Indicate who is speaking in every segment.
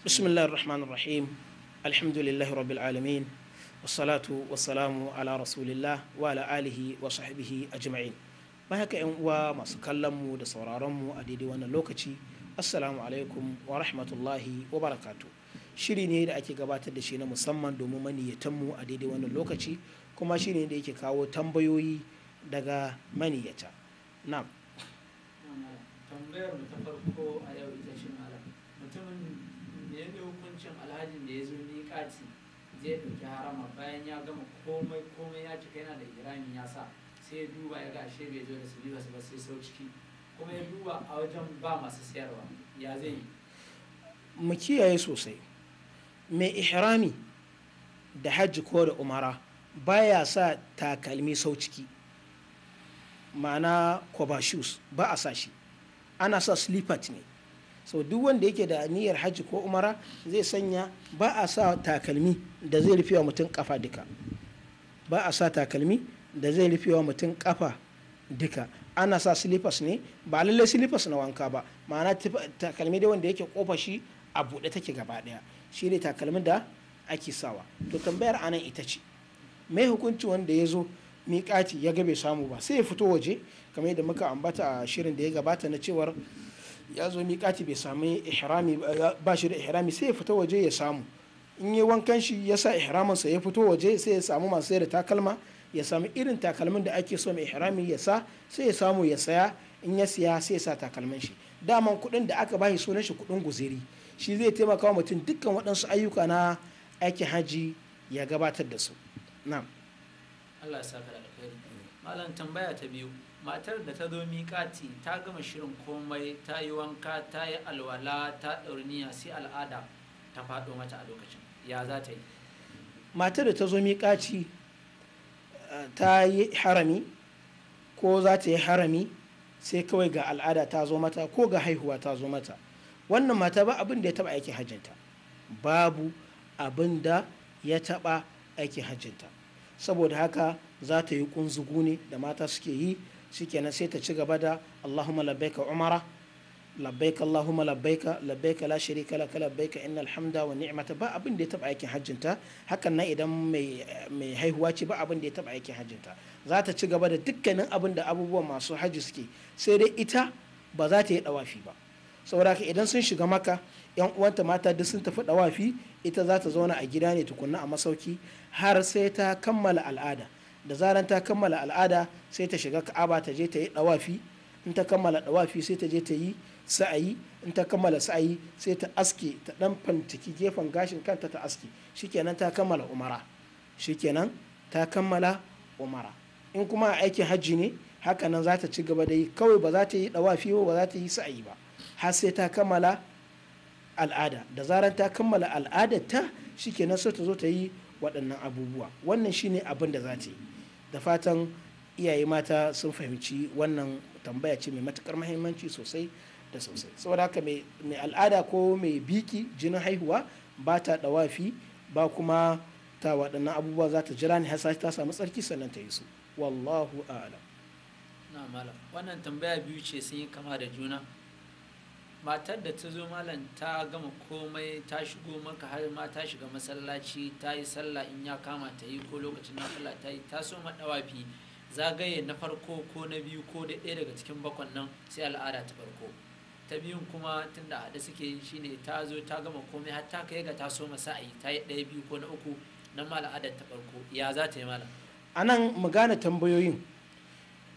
Speaker 1: بسم الله الرحمن الرحيم الحمد لله رب العالمين والصلاة والسلام على رسول الله وعلى آله وصحبه أجمعين ما هكا ينوى ما سكلمو دا سورارمو أديدي وانا لوكتي السلام عليكم ورحمة الله وبركاته shiri ne da ake gabatar da shi na musamman domin maniyatanmu a daidai wannan lokaci kuma shi ne da yake kawo tambayoyi daga maniyata na
Speaker 2: tambayar ta farko a yau ita shi malam mutumin menene hukuncin alhajin da ya zo miƙati zai ɗauki harama bayan ya gama komai komai ya cika yana da irami ya sa sai ya duba ya ga ashe bai zo da silibas ba sai sau ciki kuma ya duba a wajen ba masu sayarwa ya zai yi
Speaker 1: mu kiyaye sosai mai ihrami da hajji ko da umara baya sa takalmi sau ciki ma'ana kwaba shoes ba a sa shi ana sa slippers ne so duk wanda yake da niyyar hajji ko umara zai sanya ba a sa takalmi da zai rufe wa mutum kafa duka ba a sa takalmi da zai rufe wa mutum kafa duka ana sa silifas ne ba lallai silifas na wanka ba ma'ana takalmi dai wanda yake kofa shi a buɗe take gaba ɗaya shi ne takalmin da ake sawa to tambayar anan ita ce mai hukunci wanda ya zo miƙati ya ga bai samu ba sai ya fito waje kamar yadda muka ambata a shirin da ya gabata na cewar ya zo miƙati bai sami ihrami ba shi da ihrami sai ya fita waje ya samu in yi wankan shi ya sa ihraminsa ya fito waje sai ya samu masu da takalma ya samu irin takalmin da ake so mai ihrami ya sa sai ya samu ya saya in ya siya sai ya sa takalmin shi daman kuɗin da aka bashi sunan shi kuɗin guziri shi zai taimaka wa mutum dukkan waɗansu ayyuka na aikin haji ya gabatar da su na'am
Speaker 2: Allah ya saka da alkhairi malam tambaya ta biyu matar da ta zo miƙati ta gama shirin komai ta yi wanka ta yi alwala ta niya sai al'ada ta faɗo mata a lokacin ya za ta yi
Speaker 1: matar da ta zo miƙaci eh, ta yi harami ko za ta yi harami sai kawai ga al'ada ta zo mata ko ga haihuwa ta zo mata wannan mata ba abin da ya taɓa aiki hajjinta babu abin da ya taɓa aiki hajjinta saboda haka za ta yi ƙunzugu ne da mata suke yi shikenan sai ta ci gaba da Allahumma labbaika umara labbaika Allahumma labbaika labbaika la sharika laka labbaika innal hamda wa ni'mata ba abin da ya taba aikin hajjinta hakan nan idan mai mai haihuwa ce ba abin da ya taba aikin hajjinta za ta ci gaba da dukkanin abin da abubuwan masu hajji suke sai dai ita ba za ta yi dawafi ba saboda haka idan sun shiga maka yan uwanta mata duk sun tafi dawafi ita za ta zauna a gida ne tukunna a masauki har sai ta kammala al'ada da zaran ta kammala al'ada sai ta shiga ka'aba ta je ta yi dawafi in ta kammala dawafi sai ta je ta yi sa'ayi in ta kammala sa'ayi sai ta aske ta dan fantiki gefen gashin kanta ta aske shikenan ta kammala umara shikenan ta kammala umara in kuma a aikin hajji ne haka nan za ta ci gaba da yi kawai ba za ta yi dawafi ba ba za ta yi sa'ayi ba har sai ta kammala al'ada da zaran ta kammala al'adar ta shikenan sai ta zo ta yi waɗannan abubuwa wannan shine abin da za ta yi da fatan iyaye mata sun fahimci wannan tambaya ce mai matukar mahimmanci sosai da sosai saboda haka mai al'ada ko mai biki jinin haihuwa ba ta ɗawafi ba kuma ta waɗannan abubuwa za ta jira ne har ta samu tsarki sannan ta yi su wallahu a'lam
Speaker 2: na wannan tambaya biyu ce sun yi kama da juna matar da ta zo malam ta gama komai ta shigo maka har ma ta shiga masallaci ta yi sallah in ya kama ta yi ko lokacin sallah ta yi ta so madawafi zagaye na farko ko na biyu ko da ɗaya daga cikin bakon nan sai al'ada ta farko ta biyun kuma tunda haɗe suke yi shine ta zo ta gama komai har ta kai ga ta so sa'ayi ta yi ɗaya biyu ko na uku na ma al'ada ta farko ya za ta yi malam
Speaker 1: a nan mu gane tambayoyin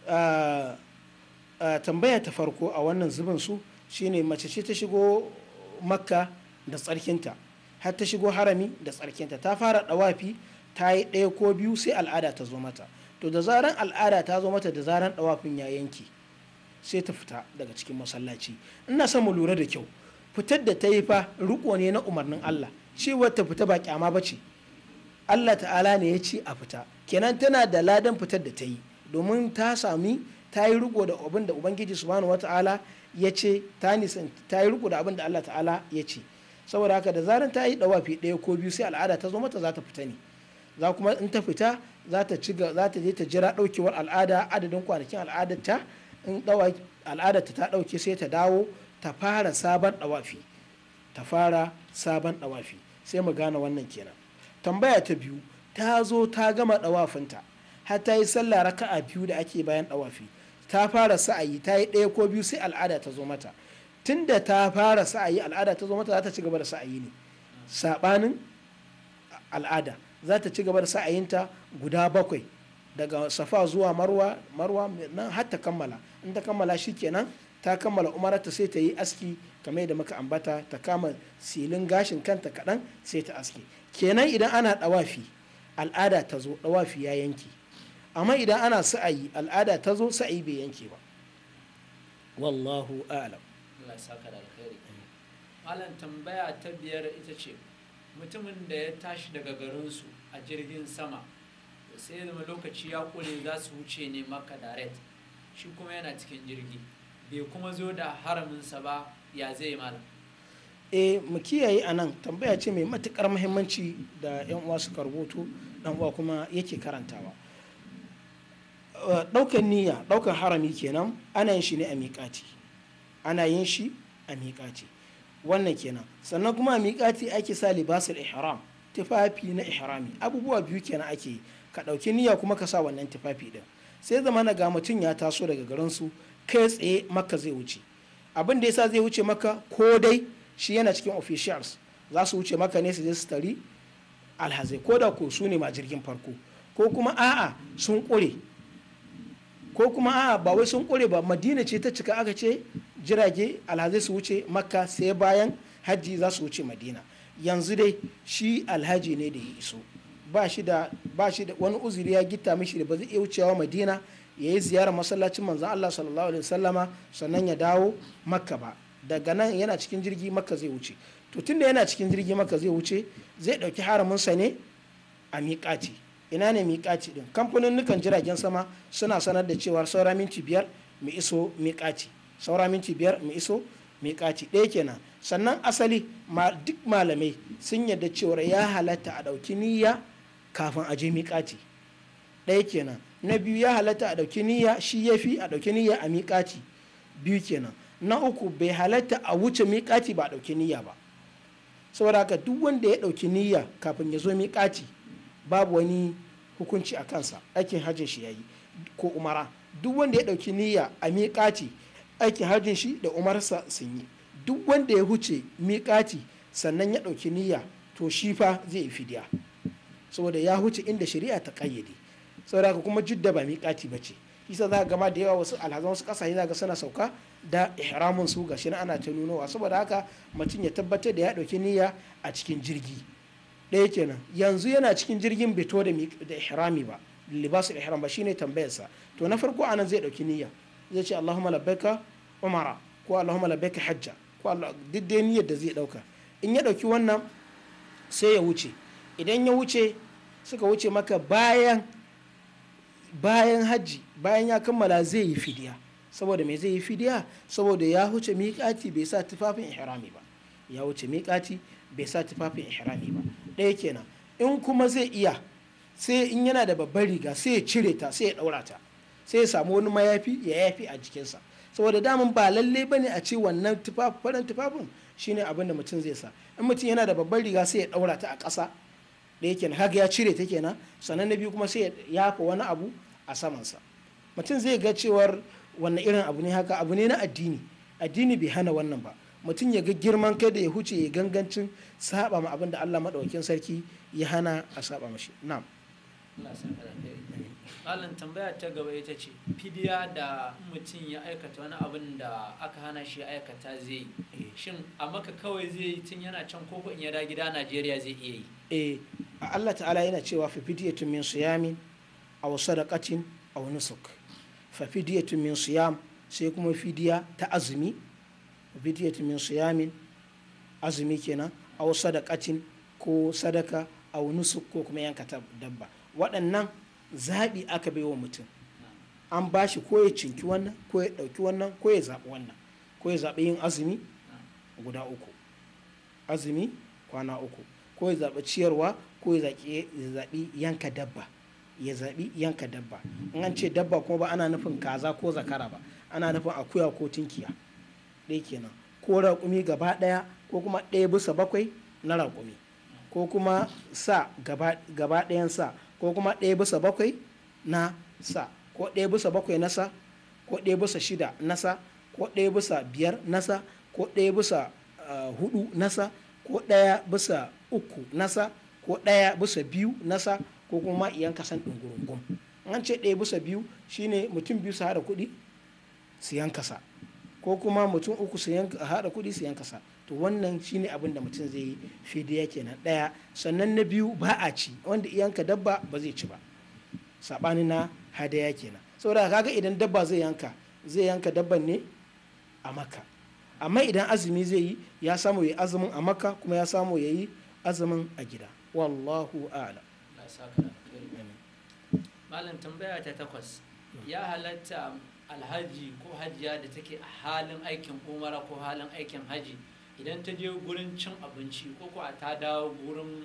Speaker 1: ah, ah, tambaya ta farko a wannan zubin su shine mace ce ta shigo makka da tsarkinta har ta shigo harami da tsarkinta ta fara dawafi ta yi ɗaya ko biyu sai al'ada ta zo mata to da zaran al'ada ta zo mata da zaran dawafin ya yanke sai ta fita daga cikin masallaci ina son mu lura da kyau fitar da ta yi fa riko ne na umarnin Allah cewa ta fita ba kyama ba ce Allah ta'ala ne ya ce a fita kenan tana da ladan fitar da ta yi domin ta sami ta yi riko da abin da ubangiji subhanahu wata'ala ya ce ta yi rukuda da abin da Allah ta'ala ya ce saboda haka da zaran ta yi dawafi ɗaya ko biyu sai al'ada ta zo mata za ta fita ne za kuma in ta fita za ta je ta jira ɗaukewar al'ada adadin kwanakin ta in ta ɗauke sai ta dawo ta fara sabon dawafi ta fara sabon dawafi sai mu gane wannan kenan tambaya ta biyu ta zo ta gama dawafinta har ta yi sallah raka'a biyu da ake bayan dawafi ta fara sa'ayi ta yi ɗaya ko biyu sai al'ada ta zo mata tunda ta fara sa'ayi al'ada ta zo mata za ta ci gaba da sa'ayi ne saɓanin al'ada za ta ci gaba da sa'ayinta guda bakwai daga safa zuwa marwa marwa nan har ta kammala in ta kammala shi kenan ta kammala ta sai ta yi aski kamar yadda muka ambata ta kama silin gashin kanta kaɗan sai ta aski kenan idan ana ɗawafi al'ada ta zo ɗawafi ya yanki amma idan ana sa'ayi al'ada ta zo sa'ayi bai yanke ba wallahu a'lam
Speaker 2: Allah saka da alkhairi malam tambaya ta biyar ita ce mutumin da ya tashi daga garin su a jirgin sama sai ya lokaci ya kule za su wuce ne maka direct shi kuma yana cikin jirgi bai kuma zo da haramin sa ba ya zai malam
Speaker 1: e mu kiyaye anan tambaya ce mai matukar muhimmanci da yan uwa suka rubuto dan uwa kuma yake karantawa daukan niyya daukan harami kenan ana yin shi ne a miƙati ana yin shi a miƙati wannan kenan sannan kuma a miƙati ake sa libasul ihram tufafi na ihrami abubuwa biyu kenan ake yi ka ɗauki niyya kuma ka sa wannan tufafi ɗin sai zama na ga mutum ya taso daga garin su kai tsaye maka zai wuce abin da yasa zai wuce maka ko dai shi yana cikin officials za su wuce maka ne su je su tari alhazai ko da ko su ne ma jirgin farko ko kuma a'a sun ƙure ko kuma a ba wai sun kure ba madina ce ta cika aka ce jirage alhazai su wuce makka sai bayan hajji za su wuce madina yanzu dai shi alhaji ne da ya iso ba shi da wani uzuri ya gita mishi da ba zai iya wucewa madina ya yi ziyarar masallacin manzan Allah sallallahu alaihi wasallama sannan ya dawo makka ba daga nan yana cikin jirgi makka zai wuce to tunda yana cikin jirgi makka zai wuce zai ɗauki haramunsa ne a miƙati ina ne miƙaci din kamfanin nukan jiragen sama suna sanar da cewar saura minti biyar mu iso miƙaci saura minti biyar mu iso miƙaci ɗaya kenan sannan asali ma duk malamai sun yarda cewar ya halatta a ɗauki niyya kafin a je miƙaci ɗaya kenan na biyu ya halatta a ɗauki niyya shi ya fi a ɗauki niyya a miƙaci biyu kenan na uku bai halatta a wuce miƙaci ba a ɗauki niyya ba saboda haka duk wanda ya ɗauki niyya kafin ya zo miƙaci babu wani hukunci a kansa aikin hajjin shi yayi ko umara duk wanda ya dauki niyya a miƙati aikin hajjin shi da umarsa sun yi duk wanda ya huce miƙaci sannan ya dauki niyya to shi fa zai yi fidiya saboda ya huce inda shari'a ta kayyade saboda ka kuma jidda ba miƙati ba ce kisa za gama da yawa wasu alhazan wasu ƙasashe za ga suna sauka da ihramin su gashi na ana ta nunowa saboda haka mutum ya tabbatar da ya dauki niyya a cikin jirgi ɗaya kenan yanzu yana cikin jirgin bai da ihrami ba da ihram ba shine tambayarsa to na farko anan zai dauki niyya zai ce Allahumma labbaika umara ko Allahumma labbaika hajja ko duk dai niyyar da zai dauka in ya dauki wannan sai ya wuce idan ya wuce suka wuce maka bayan bayan hajji bayan ya kammala zai yi fidiya saboda me zai yi fidiya saboda ya wuce miƙati bai sa tufafin ihrami ba ya wuce miƙati bai sa tufafin ihrami ba ɗaya kenan in kuma zai iya sai in yana da babbar riga sai ya cire ta sai ya ɗaura ta sai ya samu wani mayafi ya yafi a jikinsa saboda daman ba lalle ba ne a ce wannan farin tufafin shine abin da mutum zai sa in mutum yana da babbar riga sai ya ɗaura ta a ƙasa daya kenan haka ya cire ta kenan sannan na biyu kuma sai ya yafa wani abu a samansa mutum zai ga cewar wannan irin abu ne haka abu ne na addini addini bai hana wannan ba mutum ya ga girman kai da ya huce ya gangancin saba ma abin da Allah maɗaukin sarki ya hana a saba mashi na'am
Speaker 2: Alin tambaya ta gaba ita ce fidiya da mutum ya aikata wani abin da aka hana shi aikata zai yi eh. shin a maka kawai zai yi tun yana can koko in ya da gida Najeriya zai iya yi
Speaker 1: eh Allah ta'ala yana cewa fi tun min wasu aw a wani nusuk fa tun min siyam sai kuma fidiya ta azumi fidyatun min siyamin azumi kenan aw sadaqatin ko sadaka aw nusuk ko kuma yanka dabba waɗannan zaɓi aka bai wa mutum an ba shi ko ya cinki wannan ko ya ɗauki wannan ko ya zaɓi wannan ko ya zaɓi yin azumi guda uku azumi kwana uku ko ya zaɓi ciyarwa ko ya zaɓi yanka dabba ya zaɓi yanka dabba in an ce dabba kuma ba ana nufin kaza ko zakara ba ana nufin akuya ko tinkiya ɗaya kenan ko raƙumi gaba ɗaya ko kuma ɗaya bisa bakwai na raƙumi ko kuma sa gaba ɗayan sa ko kuma ɗaya bisa bakwai na sa ko ɗaya bisa bakwai na sa ko ɗaya bisa shida na sa ko ɗaya bisa biyar na sa ko ɗaya bisa ah, hudu na sa ko ɗaya bisa uku na sa ko ɗaya bisa biyu na sa ko kuma iyan kasan ɗungurungun an ce ɗaya bisa biyu shine mutum biyu su hada kuɗi su yanka ko kuma mutum uku su yanka a haɗa kuɗi su yanka sa to wannan shine abin da mutum zai yi fidiya kenan ɗaya sannan na biyu ba a ci wanda yanka dabba ba zai ci ba saɓani na hadaya kenan saboda kaga idan dabba zai yanka zai yanka dabban ne a maka amma idan azumi zai yi ya samu ya azumin a maka kuma ya samu ya yi azumin a gida wallahu ala
Speaker 2: malam tambaya ta takwas ya halatta alhaji ko hajiya da take a halin aikin umara ko halin aikin haji idan ta je gurin cin abinci ko ko ta dawo gurin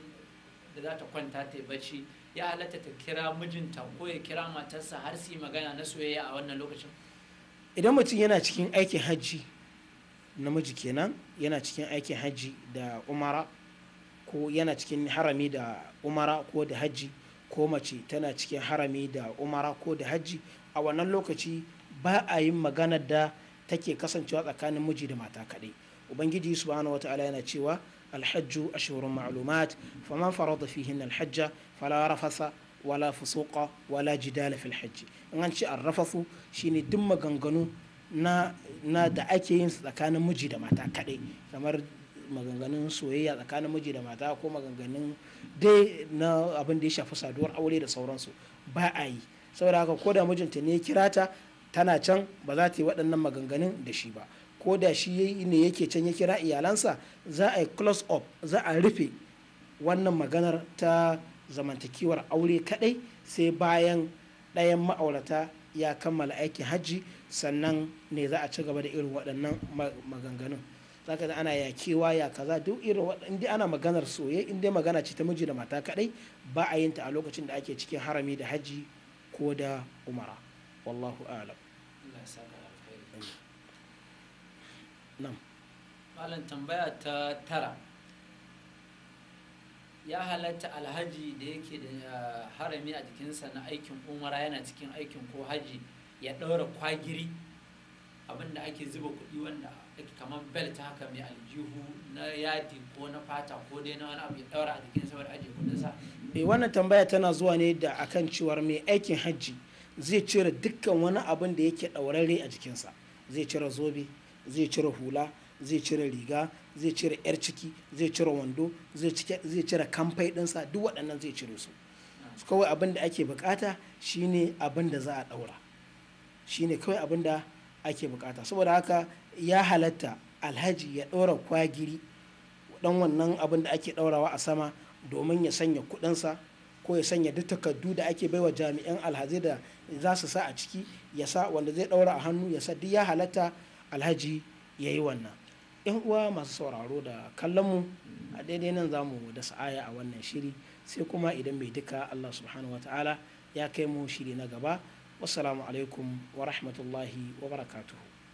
Speaker 2: da za ta kwanta ta bacci ya halatta ta kira mijinta ko ya kira matarsa har su yi magana na soyayya a wannan lokacin
Speaker 1: idan mutum yana cikin aikin hajji namiji kenan yana cikin aikin hajji da umara ko yana cikin harami da umara ko da hajji ko mace tana cikin harami da umara ko da hajji a wannan lokaci ba a yin maganar da take kasancewa tsakanin miji da mata kaɗai ubangiji subhanahu ta'ala yana cewa alhajju ashhurun ma'lumat faman farada fihinna alhajja fala rafasa wala fusuqa wala jidala fil hajji in an ce arrafasu shine duk maganganu na na da ake yin su tsakanin miji da mata kaɗai kamar maganganun soyayya tsakanin miji da mata ko maganganun dai na abin da ya shafi saduwar aure da sauransu ba a yi saboda haka ko da mijinta ne ya kira ta tana can ba za ta yi waɗannan maganganun da shi ba ko da shi ne yake can ya kira iyalansa za a yi close up za a rufe wannan maganar ta zamantakewar aure kadai sai bayan ɗayan ma'aurata ya kammala aikin hajji sannan ne za a ci gaba da irin waɗannan maganganun zaka da ana yakewa ya kaza duk irin inda ana maganar soye inda magana ce ta miji da mata kadai ba a yinta a lokacin da ake cikin harami da hajji ko da umara wallahu alam nan
Speaker 2: malam tambaya ta tara ya halatta alhaji da yake da ah, harami a sa na aikin umara yana cikin aikin ko haji ya daura kwagiri abinda ake zuba kuɗi wanda ake kamar belt haka mai aljihu na yadi ko na fata ko dai na wani abu ya daura a jikinsa wanda ajiye kuɗinsa.
Speaker 1: Eh, wannan tambaya tana zuwa ne da akan cewar mai aikin hajji zai cire dukkan wani abin da yake ɗaurarre a jikinsa zai cire zobe zai cire hula zai cire riga zai cire yar ciki zai cire wando zai cire kamfai ɗinsa duk waɗannan zai cire su kawai abin da ake bukata shine abin da za a ɗaura shine kawai abin da ake bukata saboda haka ya halatta alhaji ya ɗaura kwagiri ɗan wannan abin da ake ɗaurawa a sama domin ya sanya kuɗinsa ko ya sanya duk takardu da ake baiwa jami'an alhazi da za su sa a ciki ya sa wanda zai ɗaura a hannu ya sa duk ya halatta alhaji ya yi wannan yan uwa masu sauraro da kallon mu a daidai nan za mu da sa'aya a wannan shiri sai kuma idan mai duka allah subhanahu wa ta'ala ya kai mu shiri na gaba wasu alaikum wa rahmatullahi wa barakatuhu